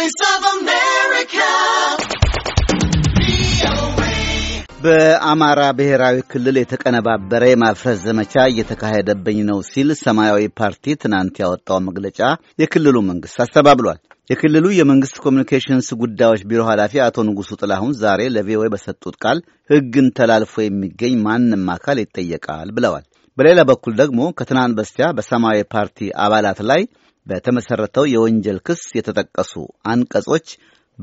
Voice of America. በአማራ ብሔራዊ ክልል የተቀነባበረ የማፍረስ ዘመቻ እየተካሄደብኝ ነው ሲል ሰማያዊ ፓርቲ ትናንት ያወጣው መግለጫ የክልሉ መንግስት አስተባብሏል። የክልሉ የመንግስት ኮሚኒኬሽንስ ጉዳዮች ቢሮ ኃላፊ አቶ ንጉሱ ጥላሁን ዛሬ ለቪኦኤ በሰጡት ቃል ሕግን ተላልፎ የሚገኝ ማንም አካል ይጠየቃል ብለዋል። በሌላ በኩል ደግሞ ከትናንት በስቲያ በሰማያዊ ፓርቲ አባላት ላይ በተመሠረተው የወንጀል ክስ የተጠቀሱ አንቀጾች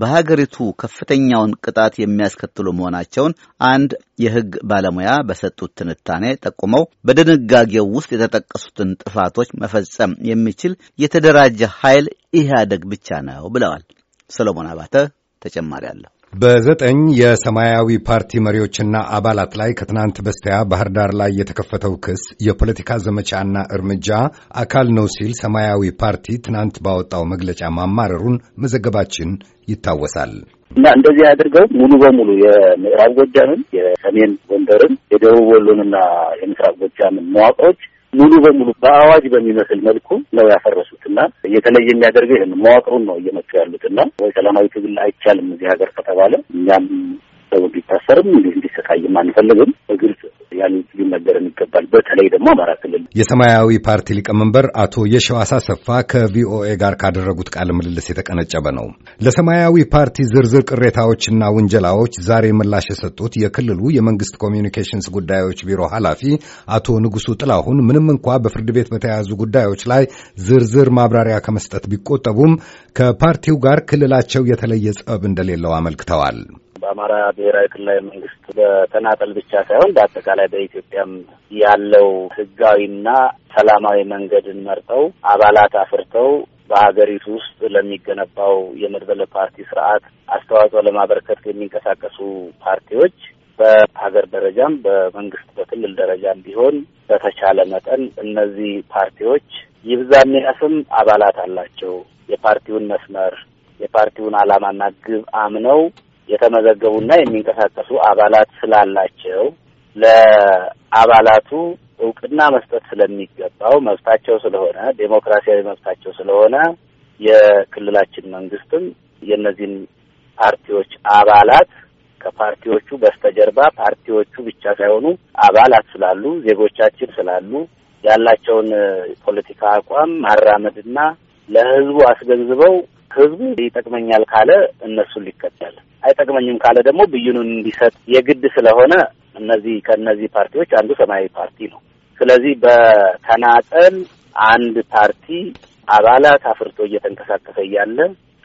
በሀገሪቱ ከፍተኛውን ቅጣት የሚያስከትሉ መሆናቸውን አንድ የሕግ ባለሙያ በሰጡት ትንታኔ ጠቁመው በድንጋጌው ውስጥ የተጠቀሱትን ጥፋቶች መፈጸም የሚችል የተደራጀ ኃይል ኢህአደግ ብቻ ነው ብለዋል። ሰሎሞን አባተ ተጨማሪ አለሁ በዘጠኝ የሰማያዊ ፓርቲ መሪዎችና አባላት ላይ ከትናንት በስቲያ ባህር ዳር ላይ የተከፈተው ክስ የፖለቲካ ዘመቻና እርምጃ አካል ነው ሲል ሰማያዊ ፓርቲ ትናንት ባወጣው መግለጫ ማማረሩን መዘገባችን ይታወሳል። እና እንደዚህ አድርገው ሙሉ በሙሉ የምዕራብ ጎጃምን፣ የሰሜን ጎንደርን፣ የደቡብ ወሎንና የምስራቅ ጎጃምን መዋቅሮች ሙሉ በሙሉ በአዋጅ በሚመስል መልኩ ነው ያፈረሱት እና የተለየ የሚያደርገው ይህን መዋቅሩን ነው እየመጡ ያሉት እና ወይ ሰላማዊ ትግል አይቻልም እዚህ ሀገር ከተባለ እኛም ሰው እንዲታሰርም እንዲህ እንዲሰቃይም አንፈልግም። ያሉት ሊነገረን ይገባል። በተለይ ደግሞ አማራ ክልል የሰማያዊ ፓርቲ ሊቀመንበር አቶ የሸዋስ አሰፋ ከቪኦኤ ጋር ካደረጉት ቃለ ምልልስ የተቀነጨበ ነው። ለሰማያዊ ፓርቲ ዝርዝር ቅሬታዎችና ውንጀላዎች ዛሬ ምላሽ የሰጡት የክልሉ የመንግስት ኮሚኒኬሽንስ ጉዳዮች ቢሮ ኃላፊ አቶ ንጉሱ ጥላሁን ምንም እንኳ በፍርድ ቤት በተያያዙ ጉዳዮች ላይ ዝርዝር ማብራሪያ ከመስጠት ቢቆጠቡም ከፓርቲው ጋር ክልላቸው የተለየ ጸብ እንደሌለው አመልክተዋል። በአማራ ብሔራዊ ክልላዊ መንግስት በተናጠል ብቻ ሳይሆን በአጠቃላይ በኢትዮጵያም ያለው ህጋዊና ሰላማዊ መንገድን መርጠው አባላት አፍርተው በሀገሪቱ ውስጥ ለሚገነባው የመድበለ ፓርቲ ስርዓት አስተዋጽኦ ለማበረከት የሚንቀሳቀሱ ፓርቲዎች በሀገር ደረጃም በመንግስት በክልል ደረጃም ቢሆን በተቻለ መጠን እነዚህ ፓርቲዎች ይብዛም ያስም አባላት አላቸው። የፓርቲውን መስመር የፓርቲውን ዓላማና ግብ አምነው የተመዘገቡና የሚንቀሳቀሱ አባላት ስላላቸው ለአባላቱ እውቅና መስጠት ስለሚገባው መብታቸው ስለሆነ ዴሞክራሲያዊ መብታቸው ስለሆነ የክልላችን መንግስትም የእነዚህን ፓርቲዎች አባላት ከፓርቲዎቹ በስተጀርባ ፓርቲዎቹ ብቻ ሳይሆኑ አባላት ስላሉ ዜጎቻችን ስላሉ ያላቸውን ፖለቲካ አቋም ማራመድና ለሕዝቡ አስገንዝበው ህዝቡ ይጠቅመኛል ካለ እነሱን ሊከተል፣ አይጠቅመኝም ካለ ደግሞ ብይኑን እንዲሰጥ የግድ ስለሆነ እነዚህ ከእነዚህ ፓርቲዎች አንዱ ሰማያዊ ፓርቲ ነው። ስለዚህ በተናጠል አንድ ፓርቲ አባላት አፍርቶ እየተንቀሳቀሰ እያለ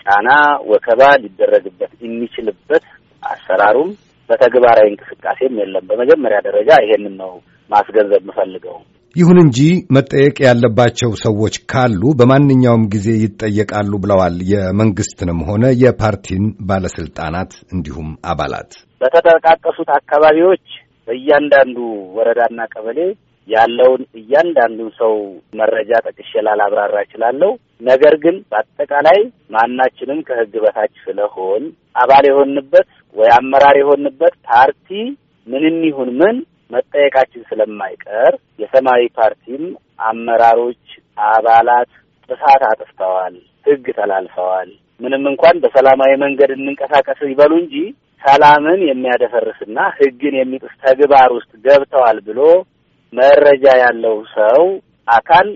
ጫና ወከባ ሊደረግበት የሚችልበት አሰራሩም በተግባራዊ እንቅስቃሴም የለም። በመጀመሪያ ደረጃ ይሄንን ነው ማስገንዘብ የምፈልገው። ይሁን እንጂ መጠየቅ ያለባቸው ሰዎች ካሉ በማንኛውም ጊዜ ይጠየቃሉ ብለዋል። የመንግስትንም ሆነ የፓርቲን ባለስልጣናት እንዲሁም አባላት በተጠቃቀሱት አካባቢዎች በእያንዳንዱ ወረዳና ቀበሌ ያለውን እያንዳንዱን ሰው መረጃ ጠቅሼ ላላብራራ እችላለሁ። ነገር ግን በአጠቃላይ ማናችንም ከህግ በታች ስለሆን አባል የሆንበት ወይ አመራር የሆንበት ፓርቲ ምንም ይሁን ምን መጠየቃችን ስለማይቀር የሰማያዊ ፓርቲም አመራሮች፣ አባላት ጥፋት አጥፍተዋል፣ ህግ ተላልፈዋል፣ ምንም እንኳን በሰላማዊ መንገድ እንንቀሳቀስ ይበሉ እንጂ ሰላምን የሚያደፈርስና ህግን የሚጥስ ተግባር ውስጥ ገብተዋል ብሎ መረጃ ያለው ሰው አካል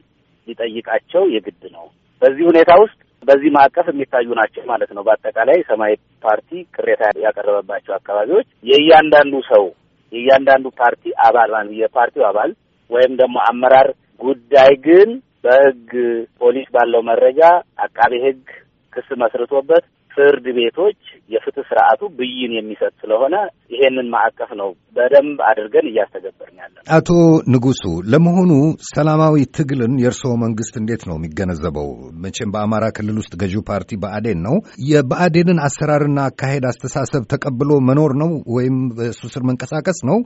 ሊጠይቃቸው የግድ ነው። በዚህ ሁኔታ ውስጥ በዚህ ማዕቀፍ የሚታዩ ናቸው ማለት ነው። በአጠቃላይ ሰማያዊ ፓርቲ ቅሬታ ያቀረበባቸው አካባቢዎች የእያንዳንዱ ሰው የእያንዳንዱ ፓርቲ አባል ማለት የፓርቲው አባል ወይም ደግሞ አመራር ጉዳይ ግን በህግ ፖሊስ ባለው መረጃ አቃቤ ህግ ክስ መስርቶበት ፍርድ ቤቶች የፍትህ ስርዓቱ ብይን የሚሰጥ ስለሆነ ይሄንን ማዕቀፍ ነው በደንብ አድርገን እያስተገበርን ያለ። አቶ ንጉሱ፣ ለመሆኑ ሰላማዊ ትግልን የእርስዎ መንግስት እንዴት ነው የሚገነዘበው? መቼም በአማራ ክልል ውስጥ ገዢው ፓርቲ ብአዴን ነው። የብአዴንን አሰራርና አካሄድ፣ አስተሳሰብ ተቀብሎ መኖር ነው ወይም በእሱ ስር መንቀሳቀስ ነው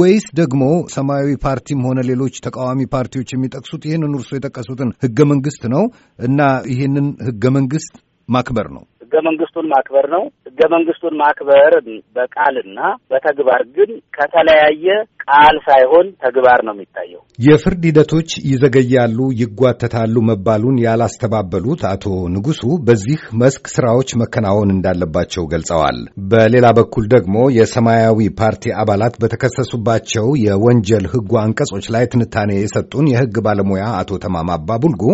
ወይስ ደግሞ ሰማያዊ ፓርቲም ሆነ ሌሎች ተቃዋሚ ፓርቲዎች የሚጠቅሱት ይህንን እርሶ የጠቀሱትን ህገ መንግስት ነው እና ይህንን ህገ መንግስት ማክበር ነው? ህገ መንግስቱን ማክበር ነው። ህገ መንግስቱን ማክበር በቃልና በተግባር ግን ከተለያየ ቃል ሳይሆን ተግባር ነው የሚታየው። የፍርድ ሂደቶች ይዘገያሉ፣ ይጓተታሉ መባሉን ያላስተባበሉት አቶ ንጉሱ በዚህ መስክ ስራዎች መከናወን እንዳለባቸው ገልጸዋል። በሌላ በኩል ደግሞ የሰማያዊ ፓርቲ አባላት በተከሰሱባቸው የወንጀል ህጉ አንቀጾች ላይ ትንታኔ የሰጡን የህግ ባለሙያ አቶ ተማማባ አባ ቡልጎ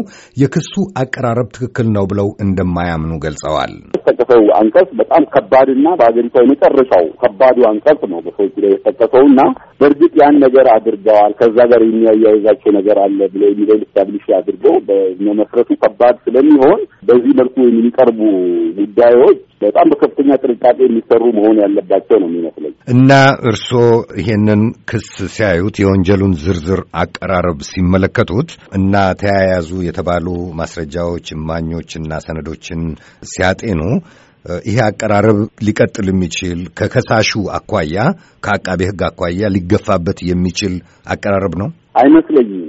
የክሱ አቀራረብ ትክክል ነው ብለው እንደማያምኑ ገልጸዋል። የተጠቀሰው አንቀጽ በጣም ከባድና በሀገሪቷ የመጨረሻው ከባዱ አንቀጽ ነው በሰዎች ላይ የተጠቀሰውና በእርግጥ ያን ነገር አድርገዋል፣ ከዛ ጋር የሚያያይዛቸው ነገር አለ ብሎ የሚለውን ስታብሊሽ አድርገው በመመስረቱ ከባድ ስለሚሆን በዚህ መልኩ የሚቀርቡ ጉዳዮች በጣም በከፍተኛ ጥንቃቄ የሚሰሩ መሆን ያለባቸው ነው የሚመስለኝ እና እርስዎ ይሄንን ክስ ሲያዩት የወንጀሉን ዝርዝር አቀራረብ ሲመለከቱት እና ተያያዙ የተባሉ ማስረጃዎች፣ እማኞችና ሰነዶችን ሲያጤኑ ይሄ አቀራረብ ሊቀጥል የሚችል ከከሳሹ አኳያ ከአቃቤ ሕግ አኳያ ሊገፋበት የሚችል አቀራረብ ነው አይመስለኝም።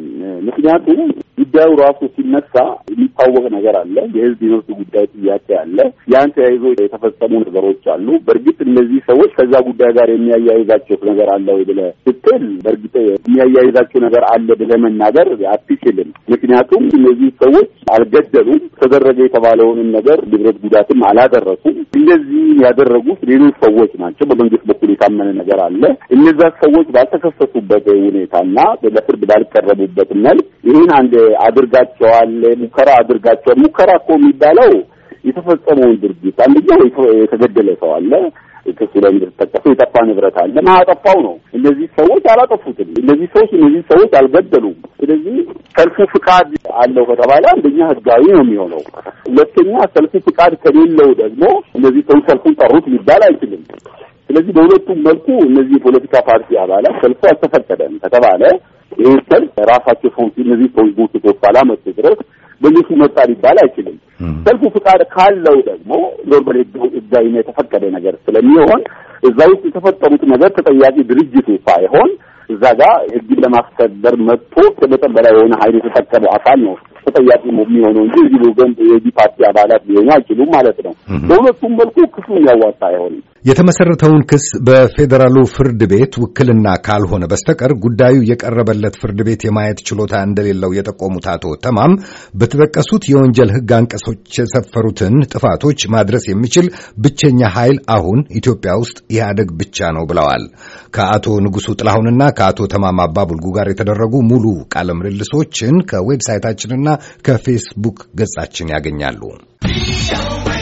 ምክንያቱም ጉዳዩ ራሱ ሲነሳ የሚታወቅ ነገር አለ። የህዝብ የመብት ጉዳይ ጥያቄ አለ። ያን ተያይዞ የተፈጸሙ ነገሮች አሉ። በእርግጥ እነዚህ ሰዎች ከዛ ጉዳይ ጋር የሚያያይዛቸው ነገር አለ ወይ ብለ ስትል በእርግጥ የሚያያይዛቸው ነገር አለ ብለ መናገር አትችልም። ምክንያቱም እነዚህ ሰዎች አልገደሉም፣ ተደረገ የተባለውንም ነገር ንብረት ጉዳትም አላደረሱም። እንደዚህ ያደረጉት ሌሎች ሰዎች ናቸው በመንግስት የታመነ ነገር አለ። እነዛ ሰዎች ባልተከሰሱበት ሁኔታና ለፍርድ ባልቀረቡበት መልክ ይህን አንድ አድርጋቸዋል፣ ሙከራ አድርጋቸዋል። ሙከራ እኮ የሚባለው የተፈጸመውን ድርጊት አንደኛ የተገደለ ሰው አለ ክሱ ላይ እንደተጠቀሰው የጠፋ ንብረት አለ አጠፋው ነው። እነዚህ ሰዎች አላጠፉትም። እነዚህ ሰዎች እነዚህ ሰዎች አልገደሉም። ስለዚህ ሰልፉ ፍቃድ አለው ከተባለ አንደኛ ህጋዊ ነው የሚሆነው። ሁለተኛ ሰልፉ ፍቃድ ከሌለው ደግሞ እነዚህ ሰዎች ሰልፉን ጠሩት ሊባል አይችልም። ስለዚህ በሁለቱም መልኩ እነዚህ የፖለቲካ ፓርቲ አባላት ሰልፎ አልተፈቀደም ከተባለ ይህ ሰልፍ ራሳቸው ሰዎች እነዚህ ሰዎች ጎትቶት ባላመጡ ድረስ በእነሱ መጣ ሊባል አይችልም። ሰልፉ ፍቃድ ካለው ደግሞ ኖርማል ህጋዊና የተፈቀደ ነገር ስለሚሆን እዛ ውስጥ የተፈጠሩት ነገር ተጠያቂ ድርጅቱ ሳይሆን እዛ ጋር ህግን ለማስከበር መጥቶ ከመጠን በላይ የሆነ ሀይል የተፈቀደ አካል ነው ተጠያቂ የሚሆነው እንጂ እዚህ ወገን የዚህ ፓርቲ አባላት ሊሆኑ አይችሉም ማለት ነው። በሁለቱም መልኩ ክሱን ያዋጣ አይሆንም። የተመሰረተውን ክስ በፌዴራሉ ፍርድ ቤት ውክልና ካልሆነ በስተቀር ጉዳዩ የቀረበለት ፍርድ ቤት የማየት ችሎታ እንደሌለው የጠቆሙት አቶ ተማም በተጠቀሱት የወንጀል ሕግ አንቀሶች የሰፈሩትን ጥፋቶች ማድረስ የሚችል ብቸኛ ኃይል አሁን ኢትዮጵያ ውስጥ ኢህአደግ ብቻ ነው ብለዋል። ከአቶ ንጉሱ ጥላሁንና ከአቶ ተማም አባቡልጉ ጋር የተደረጉ ሙሉ ቃለ ምልልሶችን ከዌብሳይታችንና ከፌስቡክ ገጻችን ያገኛሉ።